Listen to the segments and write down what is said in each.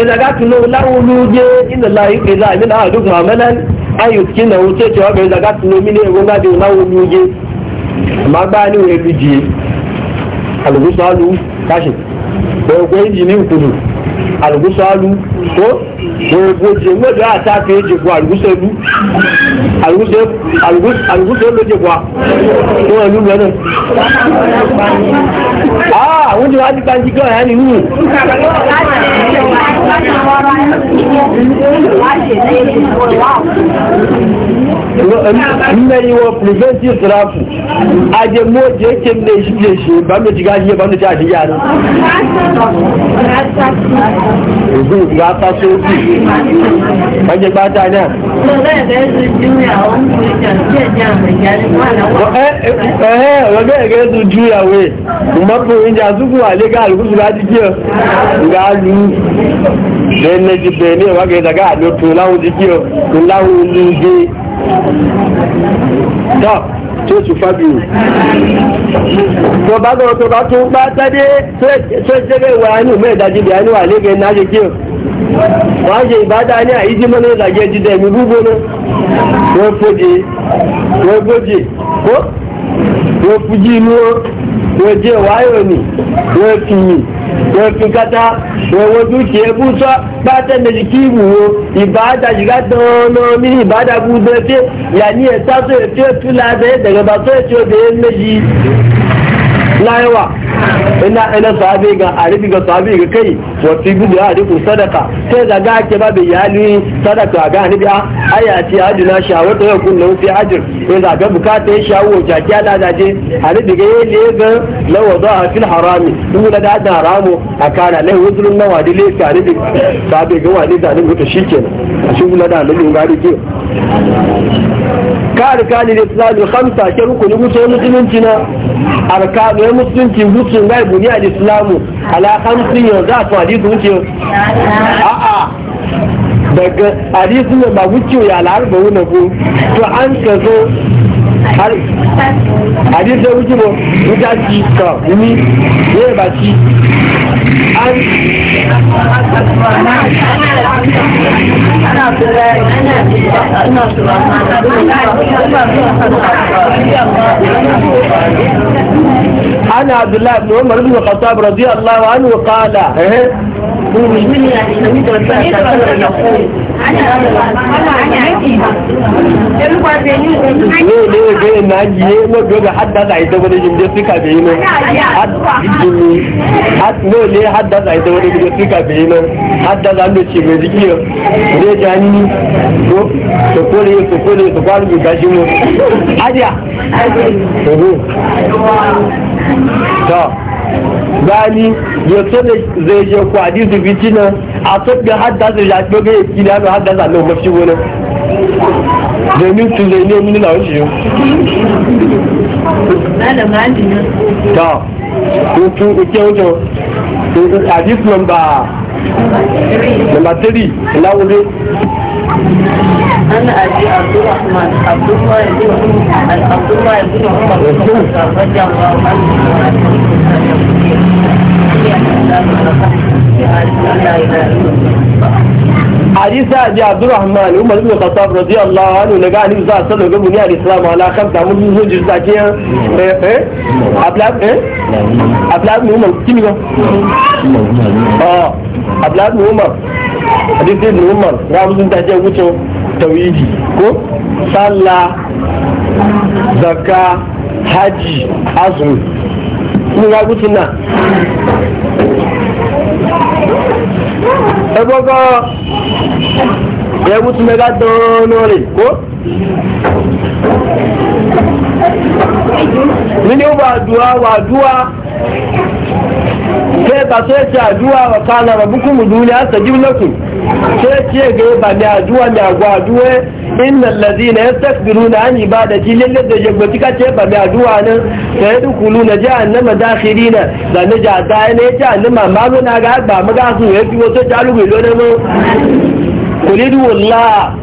ina ga tuno lawulu je inna la yuqiza min ahaduk ma'amalan ay yuskina hu ce mini e gonga de lawulu je amma ba biji algusalu kashi ko ko injinin kudu algusalu ko ko ko je mo da ta fe je ko algusalu alguse algus alguse lo mmeri wo preventi trafu aje moje yake mde shige shi ba jiga shi ba mu ta shi yana yanzu ga ta so ki banje ba ta eh ga su juya we ga ga ga lu bẹ́ẹ̀ méjì bẹ́ẹ̀ ní ìwọ́n gẹ̀ẹ́dà gáà ló láwọn jíjí ọ tún láwọn olùgbé tọ́ tí ó tún fábí o tó bá lọ́wọ́ tó bá tún bá tẹ́dé tó jẹ́gẹ́ ìwà ẹni ìmọ̀ ìdájí bẹ̀ẹ́ ní wà lẹ́gẹ̀ẹ́ ọ wọ́n ìbádá ní mọ́ ní ìdàjẹ́ ya fi kata ya wadu ki ya busa batan da jiki buwo ibada shiga dono mini ibada bu da ce ya ni ya taso ya ce tula da daga ba so ya ce da ya meji na yawa ina ina sahabi ga arifi ga sahabi ga kai wa fi gudu ya arifu sadaka sai da ga ake ba bai yali sadaka ga ni a aya ce aduna shawata ya kullu fi ajr sai da ga bukata ya shawo jaki ala da je arifi ga yele ga lawa a fil harami duk da da haramu a akana lai wuzrun nawa da lai ka arifi sahabi ga wani da ni mutu shikenan shi kula da da nan ga rike ka arkani da islami hamsa ke rukuni mutu musulunci na arkani ya musulunci mutu ga ibuni al islamu ala hamsin yanzu a su hadisi wuce a'a daga hadisi ne ba wuce ya al'arba wuna ko to an ka zo àdíṣe ojúbọ nígbà tí kà omi ní ẹ̀bà tí عن عبد الله بن عمر بن الخطاب رضي الله عنه قال يقول ga ina yi na gobe hadda da ita wani suka no ne hadda da ita wani suka hadda da ando ce mai jiki ne ko to to to bi mu aja to gani ya so da zai je kwadi fitina a so da hadda ya doge ya kila no hadda za wani domin su zai ne mini lawan shi ta hutu uke wuce hadis namba namba 3 lawude أنا أبي عبد الرحمن عبد الله بن عبد الله بن عمر رضي الله عنه hadisa ji abdurrahman umar ibn khattab radiyallahu anhu daga ali za sa daga buni al islam ala kan da mun zo jirza ke eh eh ablab eh ablab umar kimi ba ah ablab umar umar mun ta je wuce ko sallah zakka haji azumi mun ga na. ẹgbọ́gọ́ ẹwú tún mẹ́gá dánú rẹ̀ kó nínú wàdúwà wàdúwà sai ba sai ce addu'a wa kana rabbukum duniya sajib lakum sai ce ga ba ne addu'a ne agwa innal ladina yastakbiruna an ibadati ba da jabbati ka ce ba mai aduwa nan ya dukulu na jahannama dakhirina da na ja da ne jahannama ma na ga ba mu ga su fi wato jalubi lo ne mu kulidu wallahi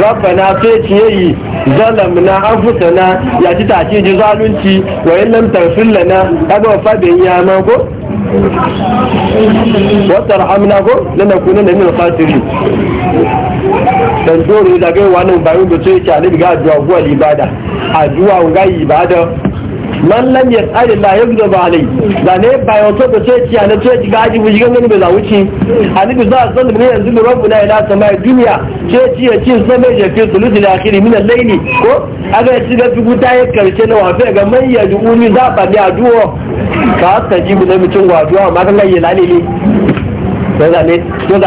rabbana sai ci yayi zalamna anfusana ya ci ta ci ji zalunci wa in lam tarfil lana kaga fa bin ya ma ko wa tarhamna ko lana kunu min al qatiri dan dole da ga wannan bayan da sai ci alibi ga addu'a ko ibada addu'a ga ibada man lam yas'ali la yughdabu alayhi da ne ba wato da ce ciya na ce ga aji buji ganin bai za wuce a ni annabi za san ne yanzu da rabbuna ila samai duniya ce ciya cin sama ya fi sulusi da akhiri min al-layli ko aga ci ga tugu ta ya karshe na wafe ga man ya duuni za ba ne a aduwa ka ta ji bu na mutun gwaduwa amma kan gaye lalele to da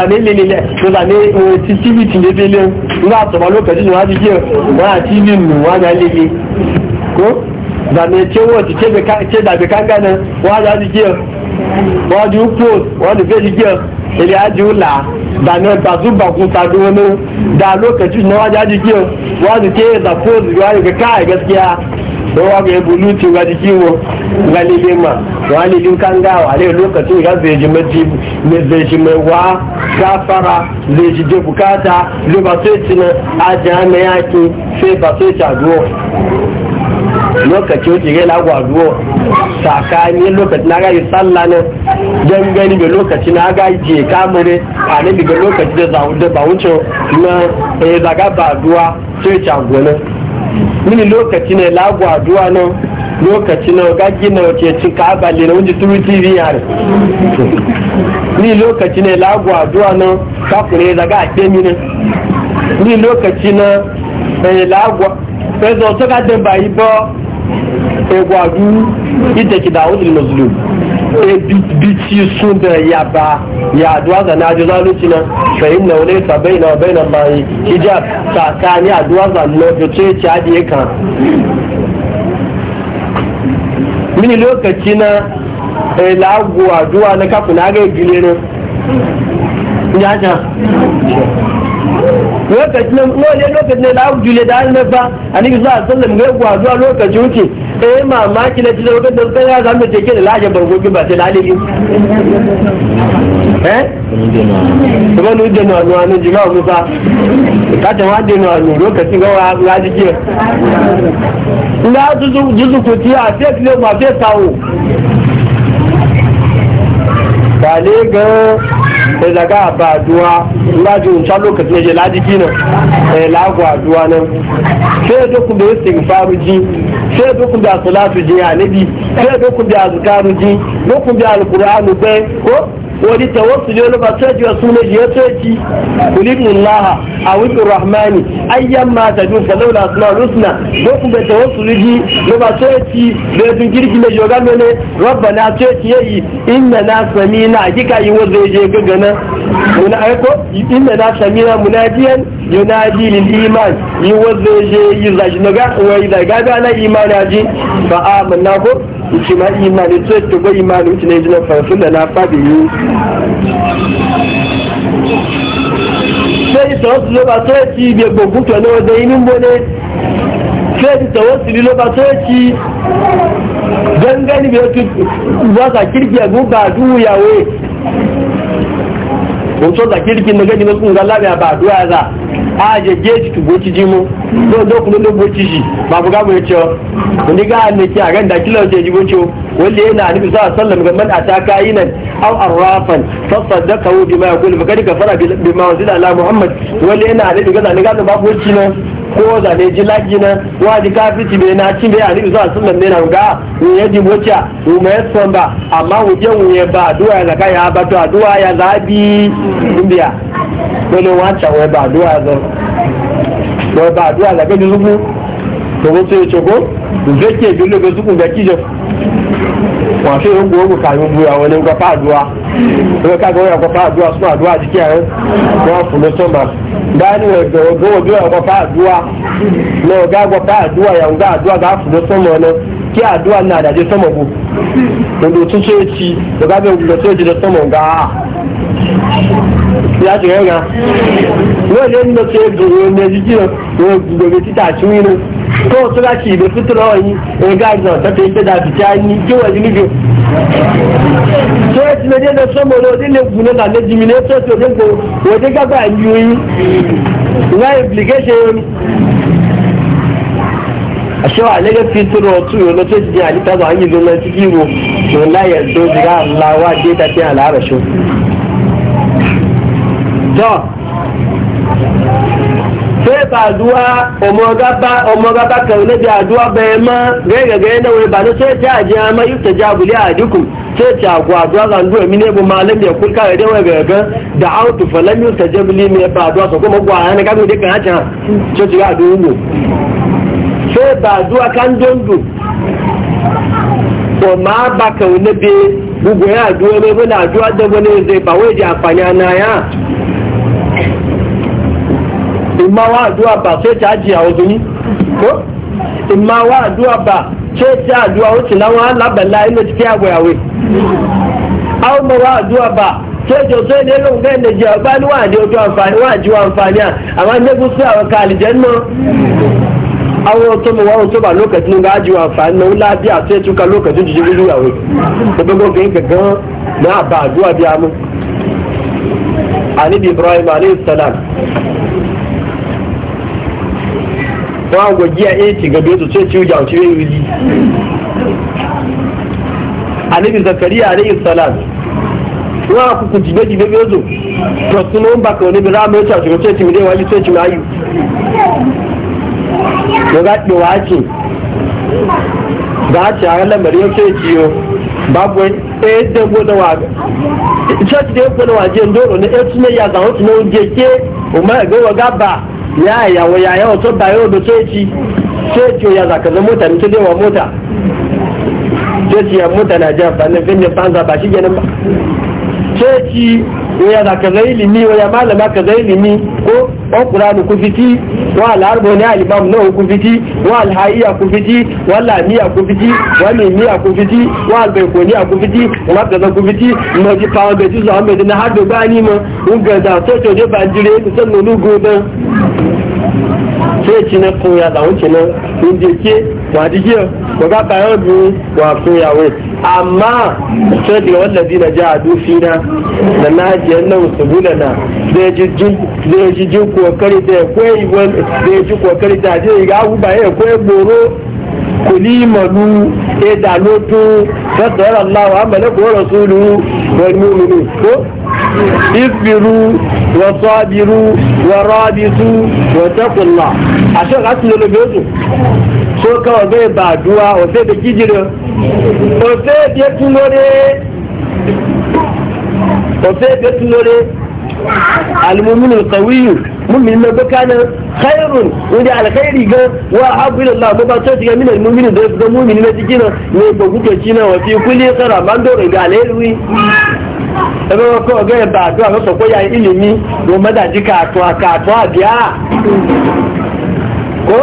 ne lele to da ne eh, titi titi ne bele ina to ba lokacin da ji ke ba tini mu wa n'a lele ko da mai cewa ci ce da bai kanga nan wájú adìgíọ̀ wájú post wájú fẹ́jìgíọ̀ ilé ajú là dàmé gbàzúgbàkun da lokaci na wájú adìgíọ̀ wájú ke da post wájú ga kai gaskiya da wájú ya bulu ci wájú kiwo ga lele ma wa lele kanga wa le lokaci ga zai ji maji ne zai ji mai wa gafara zai ji je bukata lo ba sai ci na ajiya sai ba sai ci lokaci wuce gai lagwaduwa tsakanin lokaci na gaji tsalla na don gani da lokaci na gaji je kamure a nan daga lokaci da ba wuce na ya eh, zaga baduwa sai cagona mini lokaci ne lagwaduwa na lokaci na gagi na wace cin kabali na wunji turu tv yare ni lokaci ne lagwaduwa na kakure zaga a kemi na ni lokaci na eh, lagwa pẹ̀sọ̀ eh, tó ká dẹ̀bà yìí bọ́ egwadu ita ki dawud al-mazlum e bici sun da ya ya duwa ga na ji zalunci nan fa inna wala ta baina wa baina allahi hijab tsakani a duwa ga na ce ci hadi kan mini lokaci na e, lagu a duwa na kafu na ga gile ne ya ja lokacin ne lokacin ne lawu jule da an nafa annabi sallallahu alaihi wasallam ga gwa zuwa lokacin wuce eh mamaki na jira lokacin suka ya zama take da lajin bargogi ba sai lalibi eh kuma ni da na na ne jiga mu fa ta na lokacin na juzu juzu ko tiya ne ma sai sai daga ba aduwa laji unca lokaci ne laji kina eh lagu aduwa nan sai da kun da istighfaru ji sai da kun da salatu ji ya nabi sai da kun da azkaru ji da da alqur'anu bai ko wani tawassuli wani ba sai jiwa suna ya sai ci kulimullaha a wikin rahmani ayyan ma ta dun falau na suna rusuna ko kuma tawassuli ji ne ba sai ci bai sun girki mai yoga mene rabba na sai ya yi inda na sami na hakika yi wanda ya je gagana muna aiko inda na sami na munajiyan yunaji lil iman yi wanda ya je yi zaji na ga wai zaga ga na imanaji ba amanna ko ìṣe máa yí máa ní tó ètò bó yí máa ní ìtìlẹ̀ na fàrẹ̀ fún ìlànà afábì yìí. loba ìtọ́sí ló bá tó ètì na gbòǹgbò pẹ̀lú ọdẹ inú mbọ́lé ṣé ìtọ́wọ́sí ló bá tó ètì gangani bai tu wasa kirki a guba duya we wato da kirki na gani na sun galabi a ba duya za aje geji tu goci jimo do do kuma do goci shi ba buga mu yace wani ga ne ki a ganda kila je ji goci wanda yana annabi sallallahu alaihi wasallam ga man ataka yinan aw arrafan fa saddaqahu bima yaqul fa kad kafara bima unzila ala muhammad wanda yana annabi ga zani ga ba goci ne ko zane ji lagina wa ji kafiti bai na cin bai a nufi zuwa sunan ne na ga mu ya ji mota mu mai son ba amma mu je mu ya ba addu'a ya zaka ya ba to addu'a ya zabi indiya dole wancan wai ba addu'a ya zan wai ba addu'a zaka ji zuku to ko sai ce ko zake bi lo ga zuku ga kijo wọ́n ṣe ń gbogbo kàrí gbogbo àwọn ẹni gbapá àdúrà ẹgbẹ́ káàkiri wọ́n gbapá àdúrà sún àdúrà jíkẹ́ rẹ̀ wọ́n fún mi sọ́mà dáni ẹ̀gbẹ̀ ọgbọ́n ojú ẹ̀ gbapá náà ọ̀gá gbapá àdúrà yàwó gá àdúrà gá fún mi sọ́mà ọ̀nà kí àdúrà náà àdàjẹ́ sọ́mà bò gbogbo tún ṣe ti ọ̀gá bẹ̀ gbogbo tó jẹ́ sọ́mà rẹ̀ wọ́n lé ní tó o tó bá ti ìbò fítúrọ yìí ẹ̀gá ìgbà ọ̀tọ́ tó ń tẹ́jà fìtá ní kí wọ́n ti níbi. tó o ti lè dé lọ sọ́mọ́ lọ nílé gùn náà lálẹ́ jìmí ní tó o ti òde gbò òde gbàgbà ju yín ìwá implication yìí. aṣọ àlẹ́gẹ́ fítúrọ ọ̀tún yìí lọ́tọ́ ti di àdìtàbọ̀ àyìn ló lọ sí kí wo òun láyẹ̀ tó ti rà ńlá wá dé tàbí àlàárẹ̀ ṣó. sai ba duwa omoga ba kaune da duwa bai ma gaiga gaya na wani ba na sai ta ajiya ma yi ta aduwa a dukkan sai ta gwa duwa zanduwa mine bu malam da kulka ya dawai ga ga na autu falam yi ta jabuli mai ba duwa su kuma gwa yana o ya na ya ìmá wá àdúrà bà tó ti àjì àwọn obìnrin kó ìmá wá àdúrà bà tó ti àdúrà ó sì láwọn alábẹ̀lá ilé ti fi àwẹ̀ àwẹ̀ àwọn ọmọ wá àdúrà bà sojo sai ne lon ga da jiya ba ni wani wato amfani wa ji wa amfani amma ne ku sai wa kalijan no awo to mu wawo to ba lokacin ga ji wa amfani no lafiya sai tuka lokacin ji ji ya wai to ba go ga ga na ba duwa biya mu ani ibrahim alayhi salam wọ́n àgbọ̀ jí ayé ti gàdó tó tó tí ó jà òtí rẹ̀ yìí zakariya alayhi salam wọ́n àkùkù jìgbé jìgbé bí ó zò tọ̀tún ló ń bà kàn níbi ráàmù ẹ̀ṣà ṣùgbọ́n tó ti mi wáyé tó ti mi ayù mo ga pè wá jì gáàtì ara ó babu e dẹ́gbó náà wà ṣọ́ọ̀tì dẹ́gbó náà wà jẹ́ ndóró ní ètùnú ya ya ya ya to ba yau da ceci ceci ya zaka zama mota ne dai wa mota ceci ya mota na jan fannin fin ya fanza ba shi ganin ba ceci ya zaka zai ilimi wa ya malama ka zai ilimi ko ɗan ƙuranu ku fiti wa al'arbo ne al'imam na ku fiti wa al'haiya ku fiti wa al'amiya ku fiti wa al'imiya ku fiti wa al'baikoniya ku fiti wa gaza ku fiti ma ji fawon gaji zuwa mai dina har da gani ma un gaza ba jire musamman lugu don sai ci na kun ya dawon ci na inda ke wa jikiya wa ga bayan biyu wa kun ya wai amma sai daga wallazi na ja a na da na hajiyar nan subula na zai ji jin kokari da ya koyi wani zai ji kokari da ya ga abu ba ya koyi goro kuli manu e da lotu fadar Allah wa malaku wa rasulu wal mu'minu ko isbiru wa sabiru wa rabitu wa taqullah ashe ga tun lo bezu so ka o be ba duwa o se de kijiro o se de tunore o se de tunore al mu'minu al qawiyyu mu'minin na baka nan khairun wanda alkhairi ga wa abu ilallah ba ba to shiga min almu'minin da ga mu'minin na cikin ne ba kuke ci na wa fi kulli sara man do ga alheri ebe ko ga ba do a so ko ya ilimi do madaji ka to ka to biya ko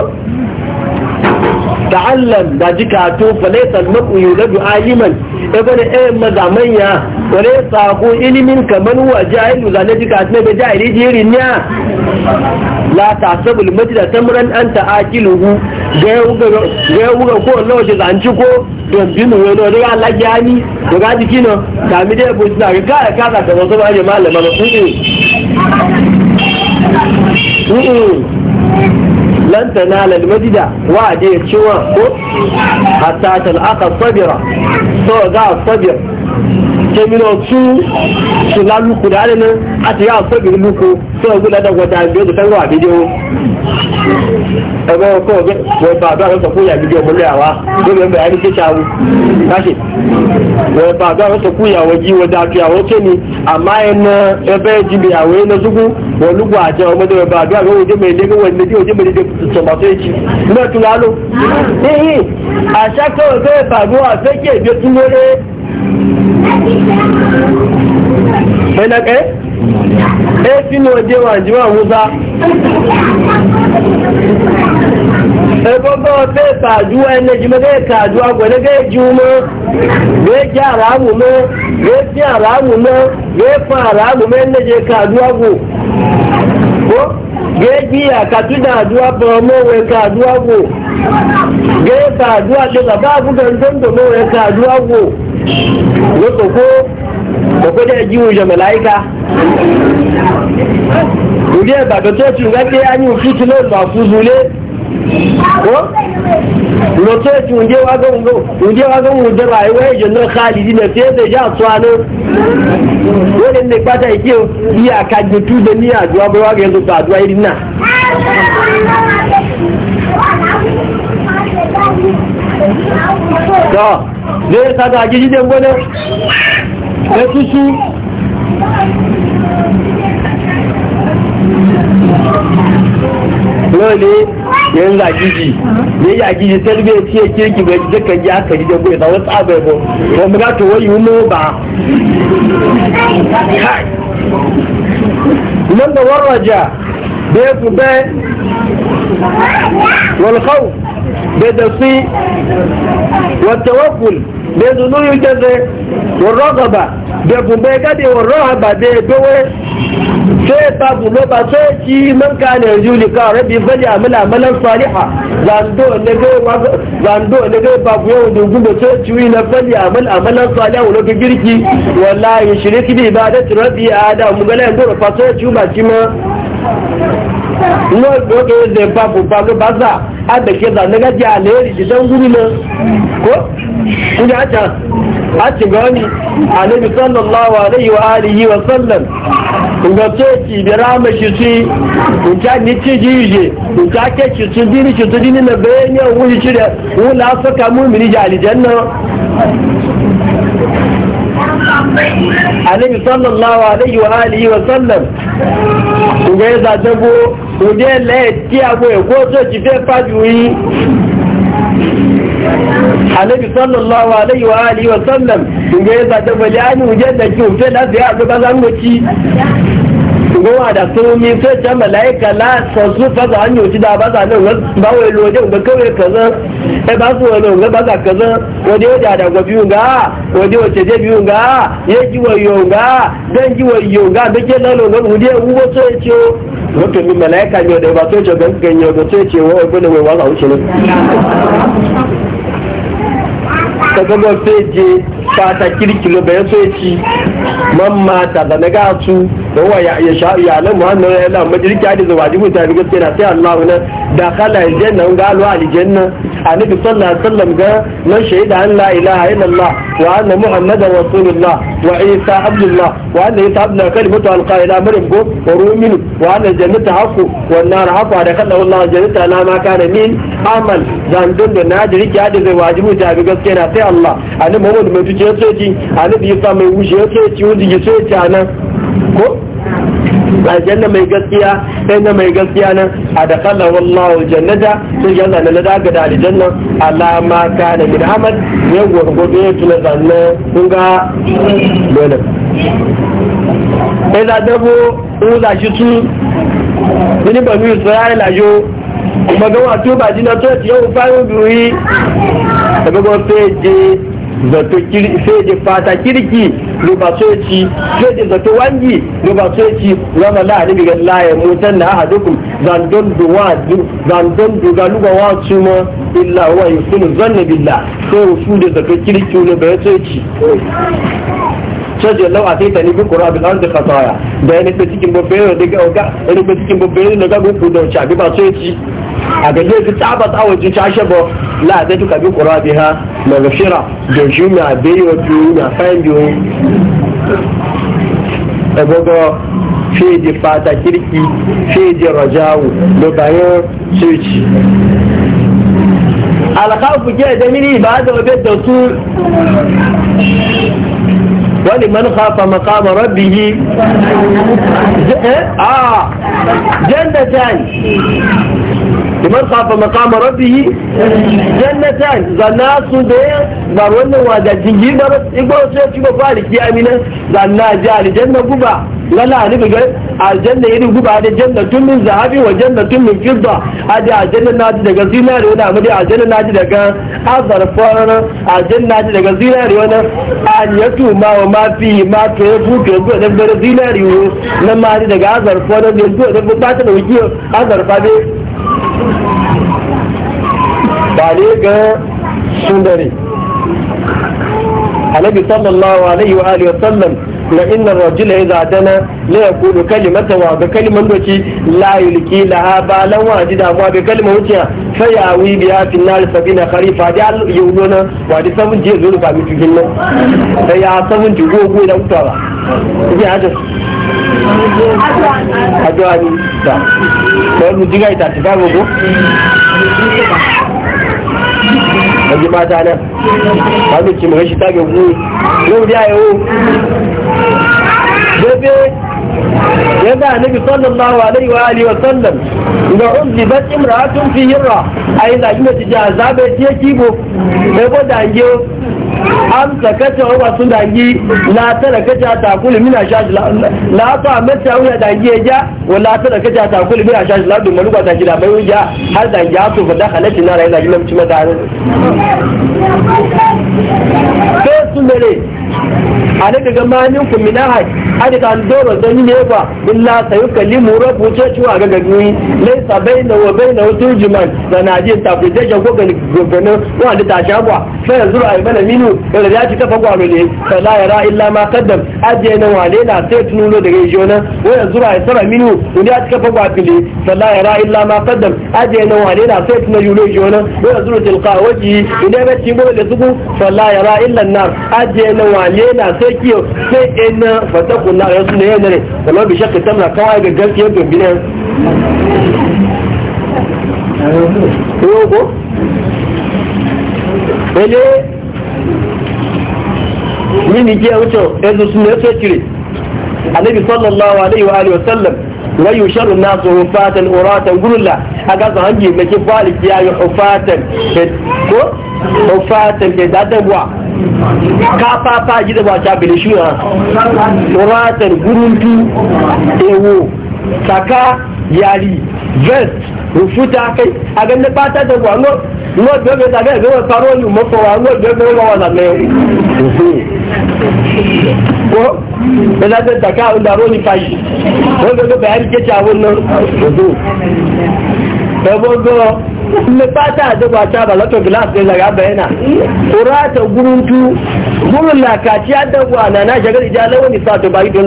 ta'allam da jika to falaita al-mar'u yuladu aliman ibn ayyam eh, mazamanya wala saqu ilimin kaman huwa jahilu zalika atne be jahili jirin ya la ta sabul majda tamran an ta akiluhu ga yawuga ko lokaci zanci ko don binu wani wani ga a ni to ga jiki na ta mi dai bu na ga ka ka ka wasu ba malama ba ku lan wa ciwa kemina su su laluku da adana a ti yawon sobi luku su yanzu da dan wata o? da sanarwa bidiyo ẹgbẹ́ ọkọ̀ wẹ̀bà àbí àwọn sọ̀kú ìyà bidiyo mọ́lẹ̀ àwá lórí ẹgbẹ́ ayé ké ṣàwù káṣì wẹ̀bà àbí àwọn sọ̀kú ìyà wọ̀jí wọ̀dà àti àwọn tó ní àmá ẹnà ẹbẹ́ jìbì àwọn ẹnà súnkú wọ̀lúgbọ̀ àjẹ ọmọdé wẹ̀bà àbí àwọn òjò mẹ́lẹ́ kí wọ̀n lẹ́dí òjò mẹ́lẹ́ sọ̀bà tó ẹ̀kí mẹ́tùlá lò ní àṣà kọ́ ọ̀gá ẹ̀bà àbí wọ́n àfẹ́kẹ́ ìgbẹ́túnlẹ́rẹ́ ẹ̀nà na ẹ́ e si wà jí wà múta ẹgbọ́gbọ́ ọ̀tẹ́ ìpàdú ẹni jùmọ́gẹ́ ìkàdú agbẹ̀lẹ́gẹ́ ìjúmọ́ yóò jẹ́ àràmù mọ́ yóò jẹ́ àràmù mọ́ yóò fún àràmù mọ́ ẹni jẹ́ ìkàdú agbò géèjì àkàtúndà àdúrà bọ̀ ọmọ òwe ká àdúrà wò àdúrà bàbá àbúgbẹ̀ ń tó ń tò mọ́ lóko kó kòkó jẹ́ jíwò ìjọ mẹ̀láíkà ìdí ẹ̀bàdàn tó ti rẹ́ pé a ní òfútu ló lọ fúzu lọ tó ti ǹdí wágóhùn ǹdí wágóhùn ìjọba ìwé ìjọ náà káàdì ìdí nà fíẹ́ lè àtọ́ àná wọ́n lè ní pátá ìdí o bí àkàgbé tú ní àdúrà bọ́wá rẹ̀ ló pa àdúrà ìdí náà. zai sada a gidan gwada da tusu lole yin zagiji ne ya gidi tarbe ci ya kirki bai dukkan ya aka gidan gwada da wasu abai bo ba mu gato wai yi mu ba nan da warraja bai ku bai والخوف بدصي والتوكل بدنو يجزي والرغبة بقبيقة والرهبة بدوي sai babu lo ba sai ki man ka ne yuli ka rabbi fali amala amalan saliha zando ne ga babu yau da gubo sai ci na fali a amalan saliha lo ga girki wallahi shiriki bi ibadatu ba adam turabi a da dora fa sai ci ma ci ma wọ́n gbọ́dọ̀ ẹ̀dẹ̀ papò papò bàtà àbẹ̀kẹ́ta nígbàjẹ́ àlẹ́ ìdíjẹ́ tó ti ìbẹ̀rẹ̀ àmẹ́ṣì sí ǹjá ní tí jí ìyè ǹjá kẹ́ṣì sí bí ríṣì tó dínú nà bẹ́ẹ̀ ní òun yìí ṣílẹ̀ náà àlẹ́bí sọ́lọ̀láwà àríyíwá àríyíwá sọ́lọ̀m òdí ẹ̀lẹ́ tí àwọn ẹ̀kọ́ tó ti fẹ́ fàájú yí alẹ́bí sọ́lọ̀lọ́wọ́ aléyíwá aléyíwá sọ́lọ̀m ìgbé ìbàjẹ́gbẹ̀lẹ́ ánì òjẹ́ lẹ́kí òfẹ́ láti àgbẹ́bá da da wani kaza da ga ga ji ga ji ga mutum min malaika ne da ba sai ce gangan yau sai ce wa wai bane wai wuce ne ta gaba sai je fata kirkilo bayan sai ci mamma ta da na gasu don wa ya sha iyalan muhammad ya la majaliki hadis da wajibu ta bi gaskiya sai Allah na da khala aljanna ga alwa aljanna annabi sallallahu alaihi wasallam ga man shahida an la ilaha illallah wa anna muhammadan rasulullah wa isa abdullah wa anna isa abdullah kalimatu alqa ila go wa ru'minu wa anna jannata haqqu wa nar haqqu da khala Allah jannata la ma kana min amal dan dun da na jiriki hadis da wajibu ta bi gaskiya sai Allah annabi muhammad mai tuce soji annabi isa mai wuce soji wuce soji ko aljanna mai gaskiya sai na mai gaskiya nan a da kalla wallahu jannata sun yanzu na daga da aljanna alama kana min amal yan gwargwado ya tuna zanne kun ga dole sai za dabo in za shi su wani banu isra'ila lajo kuma ga wato ba jina to yau bayan biyu daga gwamnati zato sai da fata kirki ruba soci sai da zato wangi ruba soci wama la ni bigan la ya mutan na ahadukum zan don duwa zan duga luga wa su ma illa wa yusunu zanna billah sai su da zato kirki ne bai soci soci lau a sai ta ni bi qura bil ardi khataya da ne cikin babbe da ga ga ne cikin babbe da ga ku da ci ba soci àgbẹ̀dẹ́ ti tábà táwọn ba ṣáṣẹ́ bọ̀ láàbẹ̀tù kàbí kọ̀rọ̀ àbí ha mọ̀lọ́ṣẹ́ra dòṣù mi àbẹ́yẹ ojú mi àfáìndì ohun ẹgbọ́gbọ́ fèèdè fata kirki fèèdè ومن خاف مقام ربه جنتان زناس ده بارون وادا جنجي برس يقول سيد شبه فالك يا أمينة زنا جال جنة قبع لنا هني بقول الجنة يدي قبع هذه جنة تم من ذهب وجنة تم من فضة هذه الجنة نادي ده قصينا ريونا مدي الجنة نادي ده كان أظهر فارنا الجنة نادي ده قصينا ريونا أن يتو ما وما فيه ما كيفو كيفو نبرزينا ريونا نما هذه ده أظهر فارنا يلتو نبرزينا ريونا أظهر فارنا wale ga sundari annabi sallallahu alaihi wa alihi wasallam na inna rajula idza dana la yaqulu kalimatan wa bi kaliman doki la yulki laha balan wa ji damuwa bi kaliman wuciya fa ya wi bi ya fi nar sabina kharifa da yulona wa di sabun je zuru ba mi cikin nan sai ya sabun ji gogo da utawa ji hada adwa ni da ko mu diga ita ta gogo ẹgbẹ́ pátá náà wọ́n lè kí mọ̀ rẹ́ṣì tágẹ̀ wú lórí àyẹ̀wò bẹ́bẹ́ yadda annabi sallallahu alaihi wa alihi wa sallam ga unzi bat imra'atun fi hirra ai da kima zabe je kibo sai ko da amsa kace wa sun dagi la tara kace ta kullu mina shaji la ta mata wa dagi ja wala tara kace ta kullu mina shaji la dum ruwa dagi da mai ja har da ja to fa dakhala shi na rayuwa jimma mutum da ne sai sun mere ana daga mamin ku min ahad ada kan doro zan ne ba illa mu rabu ce cewa ga gaguni laisa baina wa ta ku ta sai yanzu ai mana minu da ya ci kafa gwaro ne yara illa ma aje na wale na sai tunulo daga jona wa yanzu ai sara minu da ya ci kafa yara illa ma aje na wale na sai yulo jona yanzu tilqa waji idan ba ci da yara illa nar aje na wale na sai kiyo sai ina fatakun na yasu na yanar kamar bi shakka tamna kawai ga gaskiyar gambinan rogo ele mini ke wuce yanzu sun yasu cire annabi sallallahu alaihi wa alihi wasallam wai yusharu nasu hufatan uratan gurulla a gasa hangi mai kifalik ya yi hufatan ko hufatan da dadabuwa kafafa gida ba ta ba tsoratar guruntu ewo saka yari vest rufuta kai a ganin fata da gwano nwa bebe ta gaya gaba faro yi mafawa nwa bebe wa wa zame ko da za ta taka wanda roni fashi wanda gaba ya rike cawon nan ẹgbogbo mepata àdébò àti àbàlọ́tọ̀ gíláàsì lẹ́gbẹ̀rẹ̀ abẹ́ẹ̀nà kúrátà gúrúntú gúrùn làkàtí àdébò ànàná ṣẹgẹ́rẹ̀ ìjálẹ́wò ní sàtọ̀bà yìí tó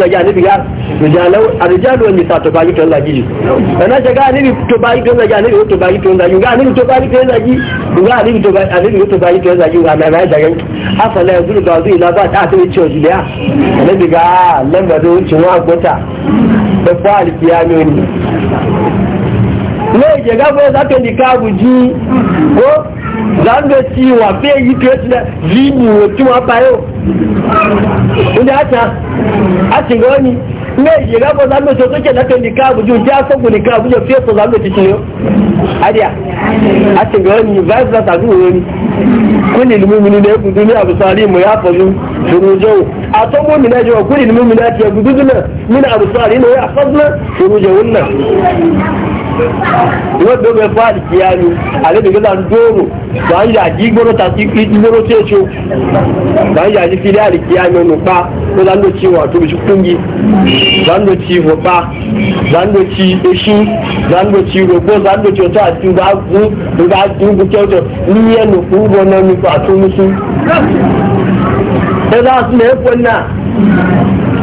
ní òní lẹ́yìn ìjẹ̀gá fún ẹ̀sà tó nìka àbùjí ó láńdọ̀ tí wà fẹ́ èyí tó ti lẹ̀ líìmù tí wọ́n ni lẹ́yìn ìjẹ̀gá fún ẹ̀sà tó tó jẹ̀dá tó nìka àbùjí ó jẹ́ àṣọ́gbò nìka àbùjí ó fi èso láńdọ̀ títí yó adìyà àṣìgbọ́n wọ́n dọ́gbẹ́ fún àdìkíyá ni àlébìgbẹ́lá ń dóòrò wà ń yàjí gbọ́rọ̀ tàbí gbọ́rọ̀ tí èso wà ń yàjí sílé àdìkíyá ni ọ̀nà pa ló àti ìgbà gún ìgbà gún ní ẹnu fún ẹ mẹ́fọ́ náà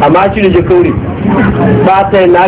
àmọ́ bá tẹ̀ náà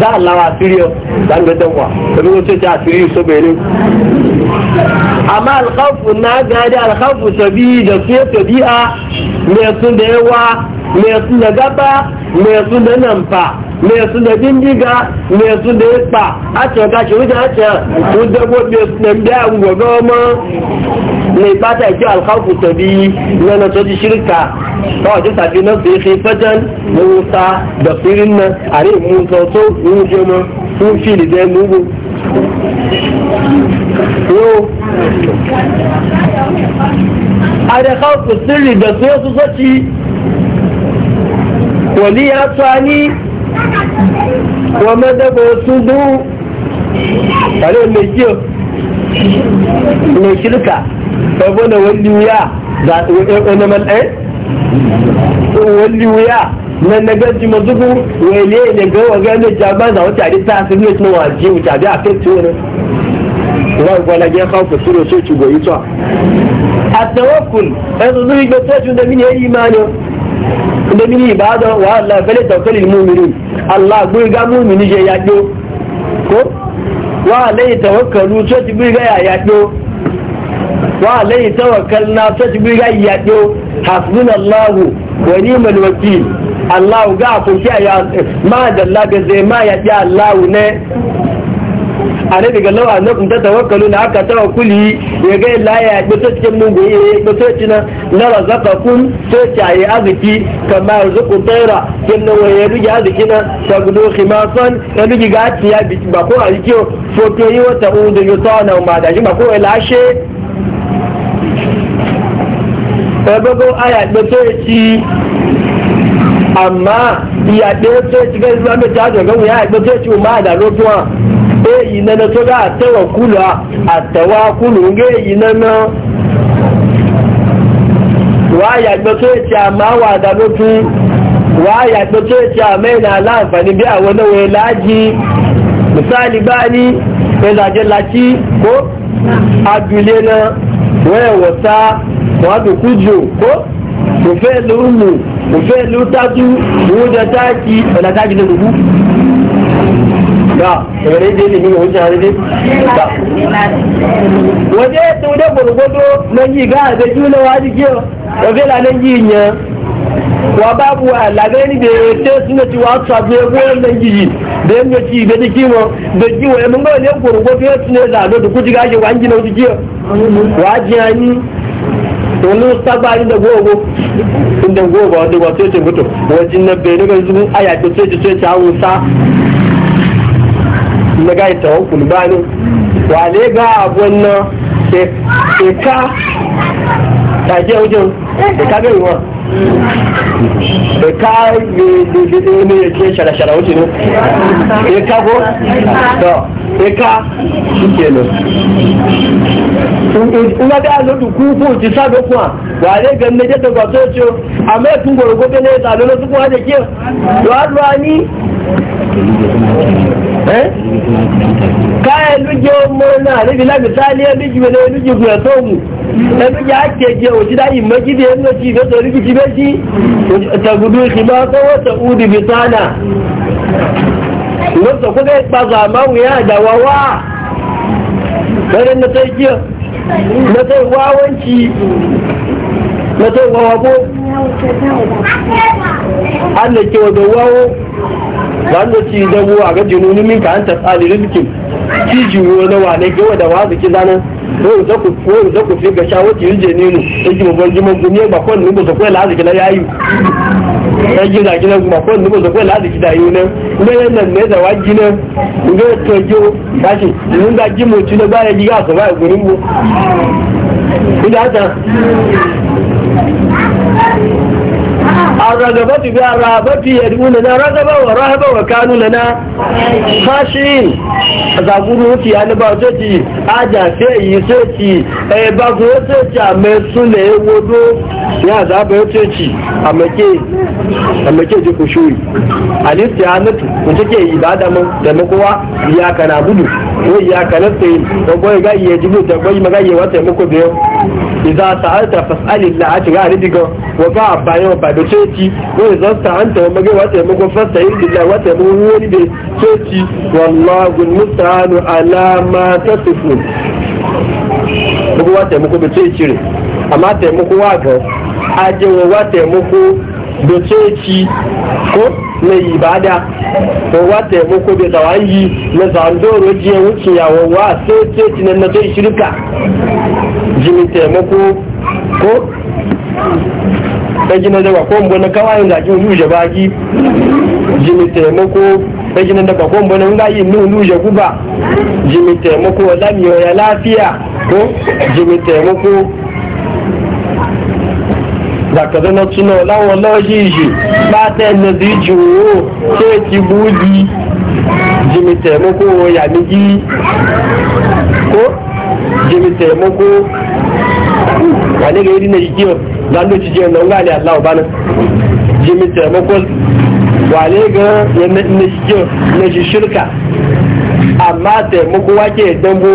za a lawa siriyo dan da ce so amma na ga da sabi da ke tabi'a me sun da yawa me sun da gaba me da nan fa da bindiga me sun da yapa a ce ga shi wuce a ce kun dabo da biya gogo fata sabi na na shirka kawai ta fatan musa da firin nan musa ọ̀tọ́ òun jẹ ọmọ fún fíìlì jẹ gbogbo yóò adẹ́ká kò sí ìdọ̀tí ó tún sọ́tí wọ̀lí ya tó a wọ́n mẹ́dẹ́gbẹ̀ tún dún pàdé méjì ò ẹgbọ́n na nagar ji mazugu wele ne ga wagar da jaban za wata adi ta asibi ne wa ji wuta da akai to ne ga gwala ga ka ku suro so ci goyi to atawakkul azu zuri ga to da mini yayi imani da mini ibada wa Allah bale tawakkalil mu'minin Allah goyi ga mu'mini je ya do ko wa lai tawakkalu so ci bi ga ya ya do wa lai tawakkalna so ci bi ga ya do hasbunallahu wa ni'mal wakeel Allah ga ku ya ma da Allah ga zai ma ya ya Allah ne a daga lawa na kun ta tawakkalu na aka tawakkuli ya ga la ya bi ta cikin mun goyi ya bi ta cikin na razaqakum to yi aziki kama yarzuqu tayra kinna wa ya ruji aziki na tagdu khimasan ya ruji ga ci ya bi ba ko aziki fo to yi wata udu yutana ma da shi ba ko lashe ebogo aya gbe ci amma ìyàgbé tó ti fẹ́ sí wáńdó jáde ọ̀gọ́gùn yá ẹgbẹ́ tó ti wù máa na lójú wọn èyí nana tó dá àtẹ̀wọ̀ kúlù àtẹ̀wọ̀ kúlù ń gé èyí nana wà á yàgbẹ́ tó ti wa da dà lójú wà á yàgbẹ́ tó ti àmà yana aláǹfààní bí àwọn onáwó láàjì misali bá ni, ìlàjẹ́ láti kó adùlé náà wọ́n ẹ̀wọ̀ sá wọ́n adùkú jù ko kò fẹ́ òfé ìlú tájú owó jẹ da ọ̀nà táàkì lè lùkú ẹ̀rẹ́ dé lè nínú oúnjẹ àrídé wọ́n dé tó dé gbogbogbò lẹ́yìn ìgá àgbẹ̀jú lọ́wọ́ àdìgí ọ̀ ọ̀fẹ́ là lẹ́yìn ìyẹn wà bá bu àlàgẹ́ níbi tẹ́sí náà ti wà tó àgbẹ̀ ẹgbẹ́ lẹ́yìn yìí bẹ́ẹ̀ ní ti ìgbẹ́ díkì wọn bẹ́ẹ̀kì wọn ẹ̀mú gbọ́dọ̀ lé gbogbogbò tó yẹ tún lé làlódùkú ti ká ṣe wà ń jìnnà òdìgí ọ̀ wà wa jẹ́ àní wani saba ni da gogo in da gogo wanda ba sai ce mutu wajen na bai daga zuwa aya ce sai ce ta hausa na ga ita hukun bani wale ga abun na ke ka ta je wajen ka ga yi wa ka daidai ne ya ce shara-shara wuce ne ya eh, ka ko? to eh, ka duku ko sa da wale na jata tun gwargwabe ne su kuma da ni Eh? kayan lujje murna nufi na misali ya lujje na lujje ku ya so mu na lujje ake je wace da yin maki da yanzu ci ga tsari kici ba shi ta gudu shi ma ko wata udu bisana wata kuka yi ɓaza ma wuya wawanci zan da ci zabo a ga jinuni min ka an ta tsali rizkin ki jiwo na wane gawa da wazu ki zanan ko za ku ko fi ga shawati yin jene mu sai babban jiman ku ba kon ni ba lazi ki yayi sai ki da kina ba kon ni ba lazi ki da yi ne ne nan nan ne da waji ne ga to jo kashi mun da ji ci da ba ya ji ga gurin mu ku ya ta الرغبات بها الرهبة يدعون لنا رغبة ورهبة وكانوا لنا خاشين zaburu ti ani ba se ti aja se yi se ti e ba go se ti ame sun le ewo do ya za ba se ti ameke ameke ji ku shuri ali ti ani tu ku ke ibada mu da mu kowa ya kana gudu wai ya kalasta yi gbogbo ga iya jibu ta gbogbo ma ga iya wata muku biyo idza sa'alta fas'alillah ati ga ridigo wa ga bayo ba do ceci wai zan ta anta ma ga wata muku fasta'in billah wata mu wani be ceci wallahu almusta'anu ala ma tasifun gbogbo wata muku be ceci re amma muku wa ga ajewa wa muku. da ceci ko mai ibada ko wata ya muku bai zawon yi na zandoro jiya wuce yawon wa sai ceci na zai shirka jimin taimako ko ta gina da bakon bane kawai da kin ruje baki jimin taimako ta gina da bakon bane nga yin nun ruje guba jimin taimako lamiyo ya lafiya ko jimin taimako gbàkẹ́dọ́ náà túnà láwọn lọ́ọ̀yì ìjù pátá ẹnẹ́dì ìjù owó kéèkì búdì jìmì tẹ̀mọ́kó yàmígí ne jìmì tẹ̀mọ́kó wàlẹ́gẹ̀ẹ́ ìdínà ìjì lánàá ti jẹun náà ń gbàlẹ̀ aláwọ̀ bá náà jìmì tẹ̀mọ́kó wàlẹ́gẹ̀ẹ́ ìdínà ìjì lánàá ti shirka amma tẹ̀mọ́kó wákẹ́ ìdánwó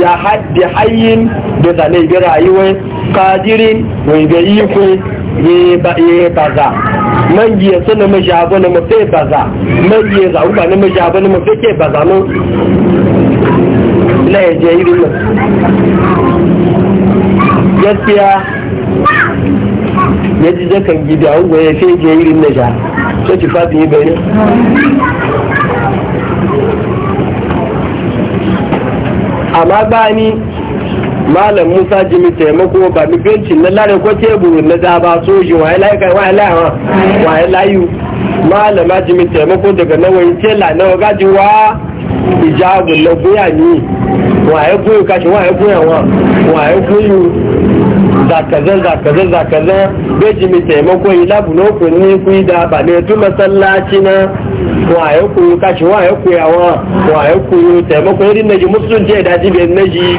ya haɗe hayin da zane bi rayuwar qadirin wai da iko ye ba ye baza man ye sana ma jabo na mafe baza man ye za uba na ma jabo na mafe ke baza no la je irin nan gaskiya ya ji zakan gida wanda ya fi je irin na ja so ki fadi yi bayani amma ba ni malam musa jimi taimako ba mi bencin na lare ko teburu na da ba soji wa ilayi kai wa ilayi wa ilayi malama jimi taimako daga nawayi tela na wagaji wa ijabu na guya ni wa ya guyu kashi wa ya guya wa wa ya guyu zakaza zakaza zakaza be jimi taimako yi labu na ni ku da ba ne tu masallaci na wa ya guyu kashi wa ya guya wa wa ya guyu taimako irin na ji musulunci da ji ben ji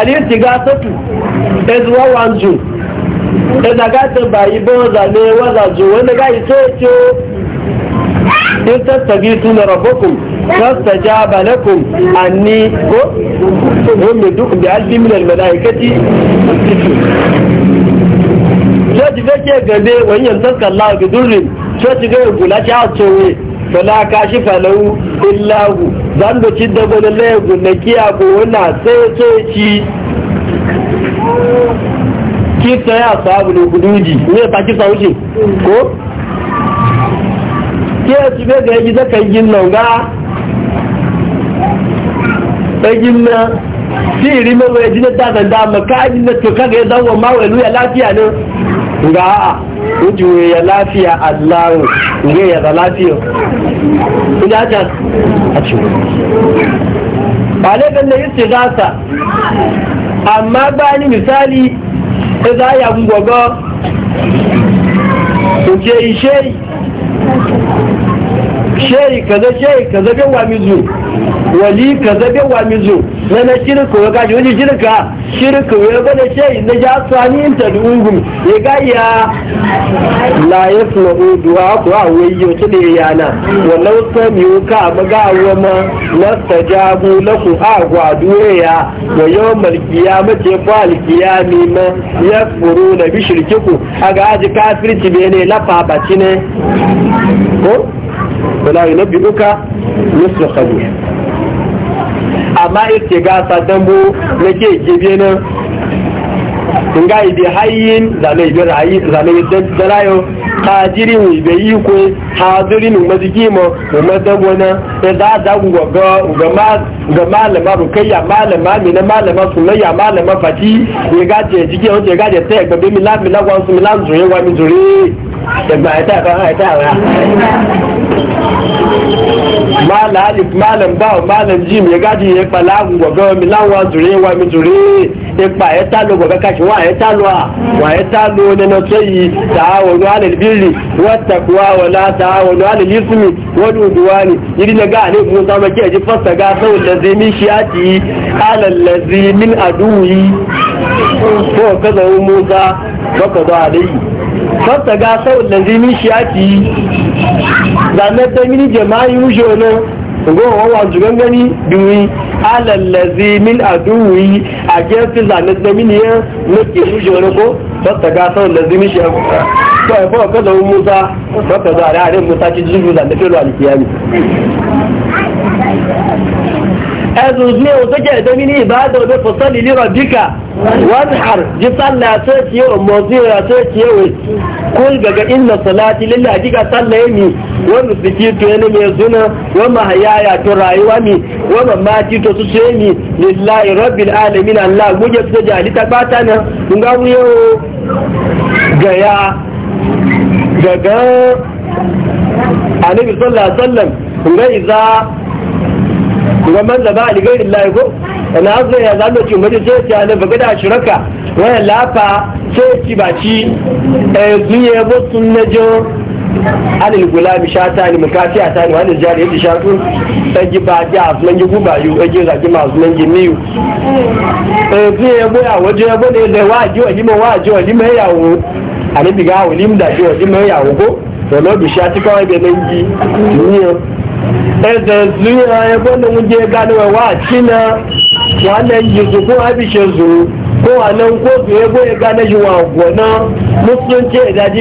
alirtigasatu ezuwa wanzu ezagatin bayi bon zane wazazu wanda ga ito ce in tattabi tuna rabakun kasta ja balakun anni ko wanda duk da alfi min almalaikati sai ke fake gabe wani yantar kallawa ga durrin sai ci gaba gula ci a tsowe fala kashi falau illahu zan da ci da bane lagu na kiya ko wana sai sai ci ki ta ya sabu ne guduji ne ta ki sauki ko ke su be ga yi zakan yin nan ga ɗagin na fi iri mawa ya ji na dadan dama ka yi na to kaga ya zama mawa ya lafiya ne ga a ujuwe ya lafiya allahu ga ya da lafiya ina ajiya a cikin ba laifin na yi gasa amma ba ni misali ta za ya gwaga uke yi sheyi sheyi kaza sheyi kaza gawa mizu wali kaza gawa mizu na shirka ya gaji wani shirka shirka ya gwada shayi na ja sani in ta dugun ya gaya la ya suna a ku a wai yau da ya yana wallau sami ka maga wama na tajabu na ku a gwaduwa ya wa yau malkiya mace fa alkiya ma ya furu na bi shirkiku a ga aji kafirci bene lafa baci ne ko wala yi na bi uka mislu khabir amma ita gasa dambo na ke gebe nan in ga ibe hayin zane ibe rayi zane ibe dalayo hadirin ibe yi ko hadirin mu maziki mu mu madabo na da da da ga ga ma ga malama rukayya malama mi na malama sumayya malama fati ya ga je jike o je ga je te gbe mi la mi la wa su mi la zure wa mi zure da e ba e ta ba e ta ba mala alif malam ba malam jim ya gaji ya pa lagun gogo mi lawa zure wa mi zure e pa e ta lo gogo kashi wa e ta lo a wa e ta lo ne no tayi ta'awunu alal birri wat taqwa wa la ta'awunu alal ismi wal udwani yidi ne ga ne mun ma ke ji fasta ga sau lazi min shiyati alal lazi min aduwi ko kaza mu za baka da alayhi fasta ga sau lanzi min shi ati zanen ta mini jama'i wujo na gowa wawan jugan gani duwi alallazi min aduwi a gefe zanen ta mini yan nake wujo na ko fasta ga sau lanzi min shi ati to ya bawa kada musa fasta za a musa ci zuzu zanen fero alikiyami ẹzùn ní jẹ́ ìdómi ní ìbáàdọ̀ òbí fòsọ́lì lírọ̀ díkà wọ́n hàr jí sálà ẹ̀tí yóò mọ̀ sí ìrọ̀ àtọ́ẹ̀tì yóò kó gàgà iná sọ̀láti lílẹ̀ àjíkà sálà èmi wọ́n ẹni wọ́n ma hàyà àyàtọ̀ ràyíwá mi wọ́n ma máa títò tó ṣe lílá ìrọ́bìn alẹ́mí gbójẹ́ tó jẹ́ nga wúyẹ́ àníbi ìzá ga man zaba a ligairin layi ko na azu ya zalo ci mace ce ce ne baga da shiraka waya lafa ce ci e, ba ci zuye bo sun na jo alil gulabi shata ni mukati ata ni wani jari yadda shatu ɗan ji ba ji a sunan ji guba yu ɗan ji zaki ma sunan ji miyu zuye e, bo ya waje ya bo da zai wa ji wa jima wa ji wa jima ya wo a ni biga wa limda ji wa jima ya wo ko to lo bi shati kawai bai nan ji miyu ẹ̀sẹ̀ sí ẹgbẹ́ lóun jẹ́ gánúwẹ̀ wá a wà á lẹ́yìn jùsù ko àbíṣe zò kó wà náà ko su ẹgbẹ́ yẹn gánà ju wa ọ̀gbọ̀ náà muslim ce da bi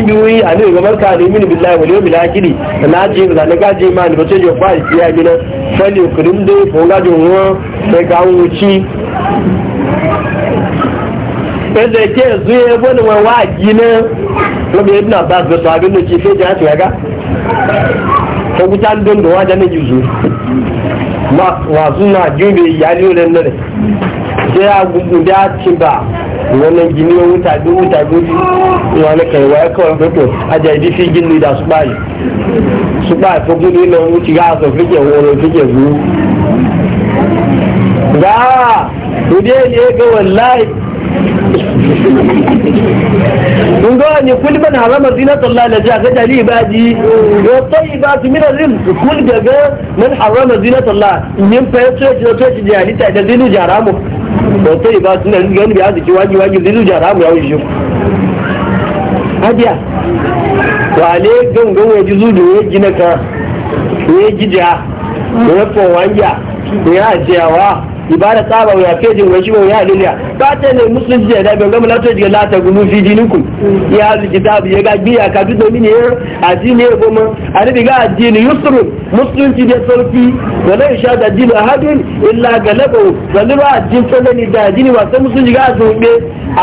a nuna gabar ka alimin billahi wal yawmil akhir na ji da na gaji ma ni bace jo ba ya gina fali kurum dai ko ga jo wo sai ga wuci ẹsẹ̀ tí ẹ̀sùn yẹn bọ́ọ̀nù wọn wá àjí náà lọ́bẹ̀ẹ́ bí náà bá a sọ̀tọ̀ àbínú ti fẹ́ẹ́ jẹ́ ga. ko wuta don da wajen na gizo masu na jube yali wurin nare sai ya gugu da ci ba wannan gini ya wuta biyu wuta biyu wani kai waya kawai fito a jaidi fi gini da su bayi su bayi fi gudu na wuce ga asa fike wani fike zuwa ga kudin ne ga wallahi kun ga wani kul ban harama zinat na la ja ga dali baji wa tayyibat min ar-rizq kul ga ga man harama zina Allah yin fa yace ce ce ce jali ta da zinu jaramu wa tayyibat min ar-rizq ga ga ji waje-waje. zinu mu ya wuce hadiya wa ale gangan waji zudu ka naka waji ja wa fa wanja ya ajiyawa ibada tsaba ya feje wa shi ya duniya ba ta ne musulunci da dabe ga mulata ji lata gumu fi dinikum ya zu kitabu ya ga biya ka duk domin ya ne addini ya goma annabi ga addini yusrun musulunci da sauki wala yasha da addini ahadun illa galabu zalima addini sanani da addini wa sai musulunci ga zube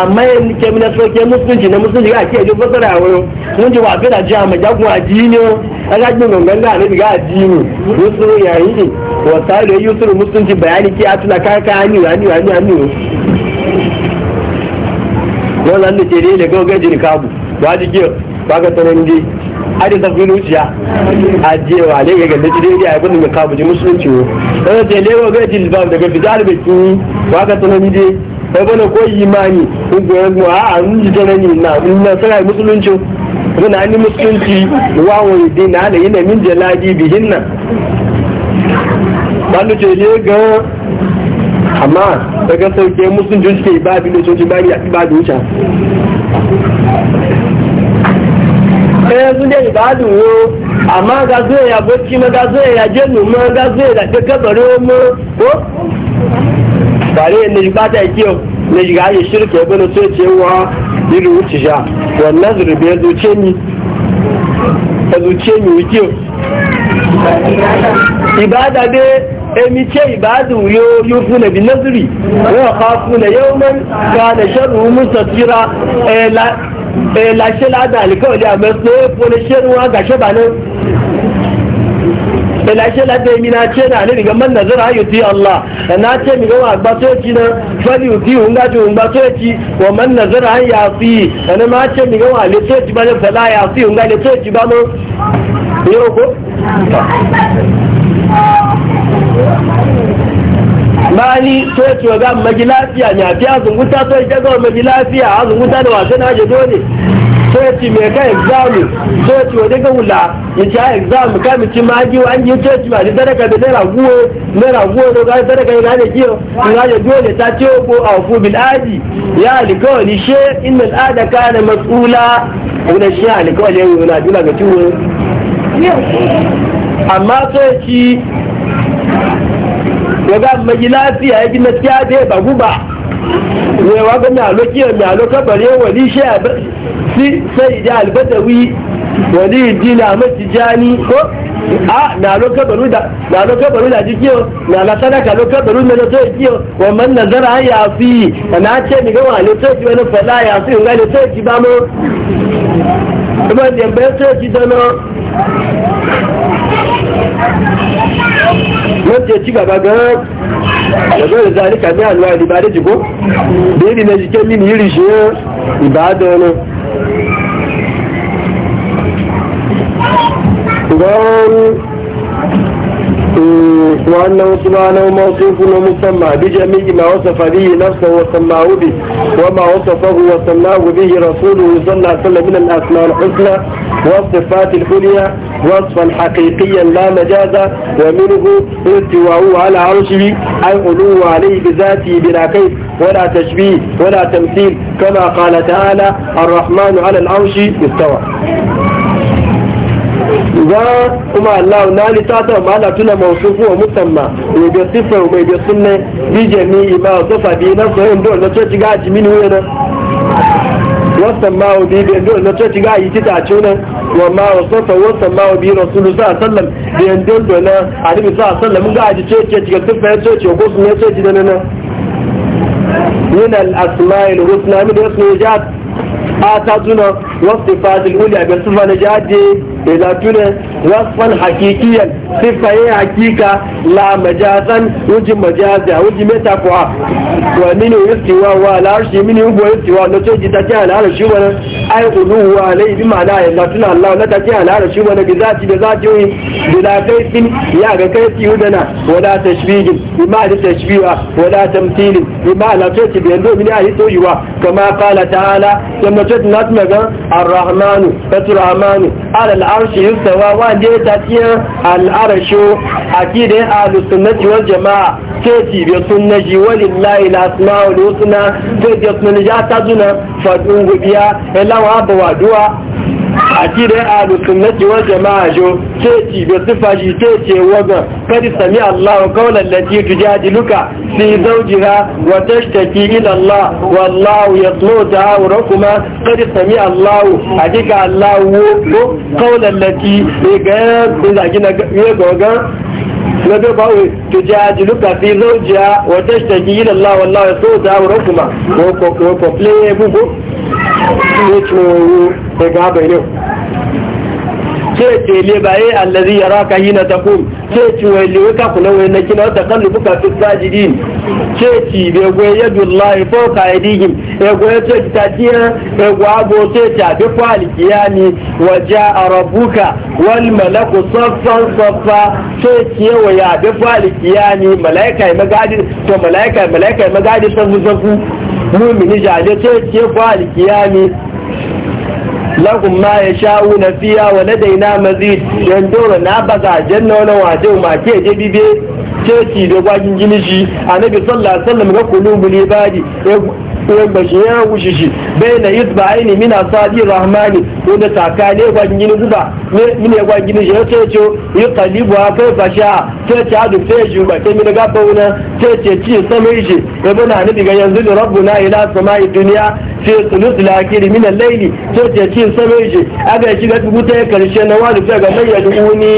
amma ya ke mina sauke musulunci na musulunci ga ke ji fasara wa mun ji wa bi da jama'a jagun addini agajin gangan da annabi ga addini wasu yayi ne wa sai da yusuf musulunci bayani ki atula ka ka hani ani hani hani wannan da ke dai daga gajin kabu ba ji ke ba ka tsanan dai adi ta fi nuciya a wa ne ga ganda jide da abin da kabu ji musulunci wo sai ce lewa gajin ba daga fitar baki ba ka tsanan dai sai bana ko imani ko goyon mu a an ji tsanani na na sai musulunci suna ni mutunci wawon dina da yana min jaladi bihin nan ba ce ne ga amma daga sauke musulunci suke ba bi da coci ba ya ba da wuce ɗaya sun da ibadu wo amma ga zuwa ya bocci ma ga zuwa ya je numa ga zuwa da ta kabaro mu ko tare ne ba ta kiyo na shiga ya shirka ya na sai cewa biri wuce sha wannan zurbe ya zuce ni ya zuce ni wike ibada be emi eh, ce ibadu yo yufu funa bi nazari wa khafu na yawman kana sharru mustatira eh la eh la shela da alkawli amma sai ko na sharru ga shabanin ila ce la da mi na ce na ni ga man nazara yuti Allah na ce mi ga ba to ci na fali yuti un ga to ba to ci wa man nazara ya fi ana ma ce mi ga wale le to ci ba le fala ya fi un ga le to ci ba mo yo ko bani to ya ce ga maji lafiya ya fi azunguta to ya ga maji lafiya azunguta da wasan je dole sai mai ka exam sai ci wajen ga wula ya ci a exam ka mi ci magi wa an yi sai ci ma ni daraka da nera guwo naira guwo da ga daraka ina ne kiyo ina ne dole ta ce ko a ku bil aji ya alkawali she inna al ada kana mas'ula wannan shi alkawali yau na dula ga ciwo amma sai ci ga magilasi ya yi gaskiya zai bagu ba wewa ga na lokiyar na lokabare wani shi a sai da albadawi wali dina matijani ko a na lokabaru da na lokabaru da jikiyo na na sadaka lokabaru na to jikiyo wa man nazara ya fi na ce mi ga wale to ji wani fala ya fi ga le to ji ba mu kuma da bai to ji dano wanda ya ci gaba ga daga da zalika mai alwa da ba da jiko da yi na jikin mini yiri ba da wani gwamnati وأنه سبحانه موصوف ومسمى بجميع ما وصف به نفسه وسماه به وما وصفه وسماه به رسوله صلى الله عليه وسلم من الأسماء الحسنى والصفات العليا وصفا حقيقيا لا مجازا ومنه استواءه على عرشه أي علو عليه بذاته بلا كيف ولا تشبيه ولا تمثيل كما قال تعالى الرحمن على العرش استوى ga kuma Allah na litata ma Allah tuna mawsufu wa musamma ya ga sifa mai ga sunne bi jami'i ma safa bi na so in don to ci gaji min wuya na wasan ma wa bi to ci ci ta wa ma wasafa wasan ma wa bi rasulu sallallahu alaihi wasallam bi don na alibi sallallahu ga wasallam ce ce ci ga sifa ya ce ko sunne ce ci da na min al asma'il husna min ata tuna wasu fadil uli abin sufa na jade ila tuna hakikiyar hakikiyan sifaye hakika la majazan wuji majaza wuji metafuwa wa mini yustiwa wa wa larshi mini ubo yustiwa na to jita ta ala ala shi wani ai ulu wa lai bi ma na ila tuna allah na ta ta ala ala shi wani bi zati da zati yi bila kaifin ya ga kaifi udana wala tashbihin bima da tashbiha wala tamthilin bima la to ti bi ndo mini ayi to yiwa kama qala ta'ala yamma ce na tuna ga arrahmanu fatul ala alal arshi yusawa wanda ya tafiya al arshu akidai ahlus sunnati wal jamaa ce ci bi sunnati walillahi al asmaul husna ce ji sunnati ta zuna fadu biya ila wa bawa akidar alusunnati wa jama'a jo ce ci da sifa shi kadi sami Allah qawla allati tujadiluka fi zawjiha wa tashtaki ila Allah wallahu yasmu ta'awrakuma kadi sami Allah hakika Allah wo kaulan lati ga da gina ga rabe bawe tujajiluka fi zawjiha wa tashtaki ila Allah wallahu yasuda awrakuma ko ko to sai ce le yi allazi yaraka hina taqum sai ci wai le ka kula wai na kina ta kallubu ka fi sajidin sai ci be goye yadullahi fawqa aydihim e goye ce ta tiya e gwabo sai ta bi kwali kiyami wa jaa rabbuka wal malaku saffan saffa sai ci wa ya bi kwali kiyami malaika magadi to malaika malaika magadi san zuzu mu'mini jale sai ci kwali kiyami lahum ma ya na fiya wa ladaina mazid yan dora na baza janna na waje ma ke je bibe ceci da gwajin jini shi annabi sallallahu alaihi wasallam ga kulubul ibadi ko bashi ya wuce shi bai na isba aini mina sadi rahmani ko da taka ne gwan gini zuba mine gwajin gini shi ya cece yi kalibu a kai fasha ce adu sai shi ba sai mina gafa wuna ce ci sama shi ya bana ni daga yanzu da na ila sama'i duniya sai tulus lakiri min al-layli sai ta ci sanoje aga shi ga dubuta ya karshe na wani sai ga mai yaduni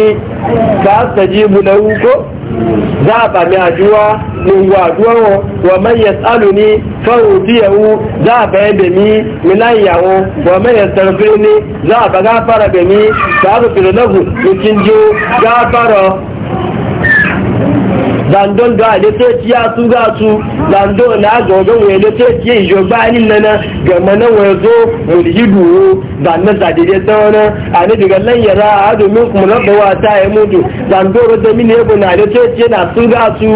ka sajibu na ko za a fami aduwa lungwa aduwa wa mai ya tsalu ni faru biyawu za a bayan da mi milan yawo wa mai ya sarfe ni za a ba gafara da mi ta abu filonahu mutum jo gafara zandon ga da ta ya su ga su zando na ga ga wai da ta ci ijo ba ni nan ga mana wai zo mulhidu zanna za da ta wani ani daga lan yara adu min kuma rabba wa ta ya mutu zando ro da mini yabo na da ta ci na su ga su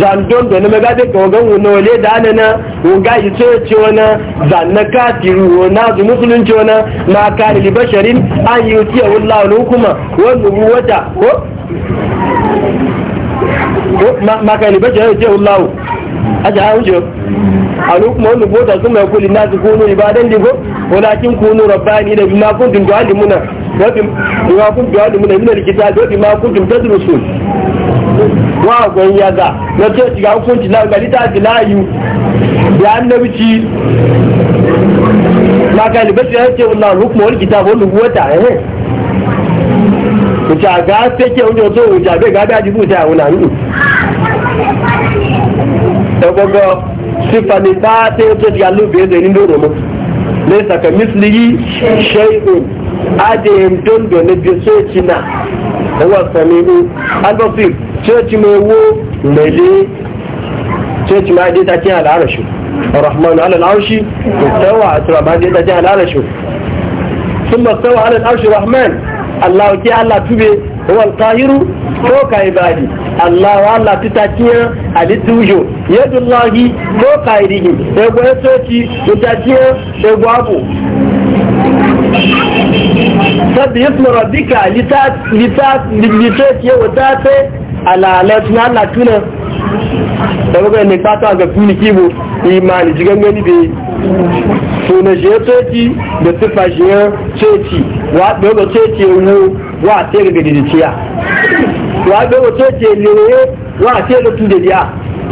zandon da na maga da ga ga wani wale da nan na ga yi ta na wani zanna kafiru na zu musulunci wani ma kare li basharin an yi wuce wallahu hukuma wannan wata ko ma ka ni jẹ́ jẹ́ ọláwò ajá oúnjẹ alukuma olùgbò tàtún mẹ́ kú lina ti na ìbádẹ́n kunu wọlákin kúnú rọ̀bá ní ilẹ̀ bí ma kún tún dùn alìmúnà wọ́pí ma kún dùn alìmúnà ìbínà ìkìtà ma kún tún wa yaga na ce ga kún ti náà gbàdítà ti láàyù ya annabi ci ma ka ni jẹ́ jẹ́ ọláwò alukuma olùgbò tàtún mẹ́ ìjà àgá tẹ́kẹ̀ oúnjẹ tó ìjà àgbẹ̀ ìgbà dájú fún ìjà àwọn àrùn ẹgbọ́gọ́ sífàní bá tẹ́ tó ti alóbìnrin nínú òrò mọ́ lè sàkà mísìlì yìí ṣe ìhùn adé ndóńdó níbi sóòtì náà ẹwọ́ sàmì ìhùn albọ́sì sóòtì mọ́ owó mẹ́lẹ́ sóòtì mọ́ adé tàkí àlárẹ̀ṣù ọ̀rọ̀hàmọ́nù alàlárẹ̀ṣì kò sẹ́wà àtúrà adé tàkí àlárẹ̀ṣù ثم استوى على العرش الرحمن Allah ke Allah tube wal tahiru ko ka ibadi Allah wa Allah tuta kiya alitujo yadullahi ko ka irigi ego esoci tuta kiya ego abu sabbi yasmu rabbika litat litat litat ya watate ala alatuna Allah tuna da baka ne fata ga kuni kibo imani jigan gani be to na je toki da tufa je toki wà gbogbo tó wu wà àti èrè gèdè tìyà wà gbogbo tó ti lè wà àti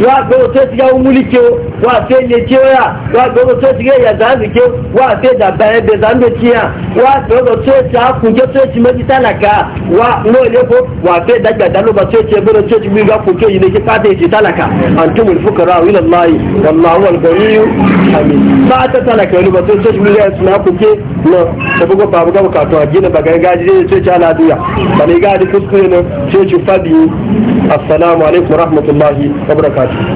wa wàgbé òtó ti yá wúmúlì kí o wàgbé ilé tí ó wa wàgbé òtó ti yá ìyàzáàzì kí o wàgbé ìdàbà ẹgbẹ̀ zàmbé tí yà wàgbé òtó ti àkùnjẹ́ tó ti méjì tálàkà wà ní òlépo wàgbé ìdágbàdá ló bá tó ti ẹgbẹ́ tó ti gbígbà kò tó ilé tí pàdé ti tálàkà àtúmù ìfúkọ̀rọ̀ àwọn ilẹ̀ láàyè wàlá ba ọ̀gbọ̀n yíyú àmì pàtó tálàkà ló bá tó ti gbígbà ẹ̀sùn àkùnjẹ́ lọ sabugo babu gaba kàtó àjẹ́ na bàgà gáàjì tó ti àlàdúyà bàlẹ́ gáàjì kúskúrẹ́ ne tó ti fàbí assalamu alaikum wa rahmatullahi wa barakatuh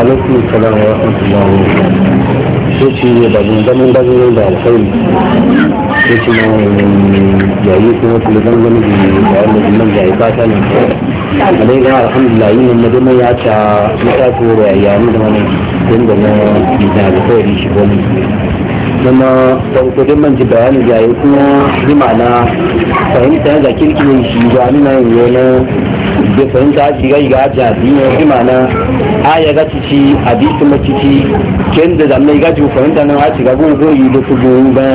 alaikum assalam wa rahmatullahi wa barakatuh shi da gangamin gazarin da yayi kuma da ya yi nan da ya ne a dai ga alhamdulillah ya ta da yayi da da shi kuma da hukumin man ji bayanin da yayi kuma bi ma'ana fahimta da kirkiyar shi ga nuna yin da fahimta shi ga ga jabi biyu bi ma'ana a ya ga cici hadisi ma cici ken da zamme ga ji fahimta nan a ci ga gogo yi da su a ga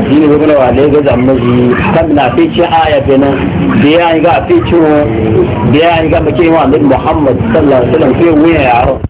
addini ga kuma wale ga zamme shi kan na fi ci aya kenan da ya ga fi ci da ya ga makewa annabi muhammadu sallallahu alaihi wasallam sai wuya yaro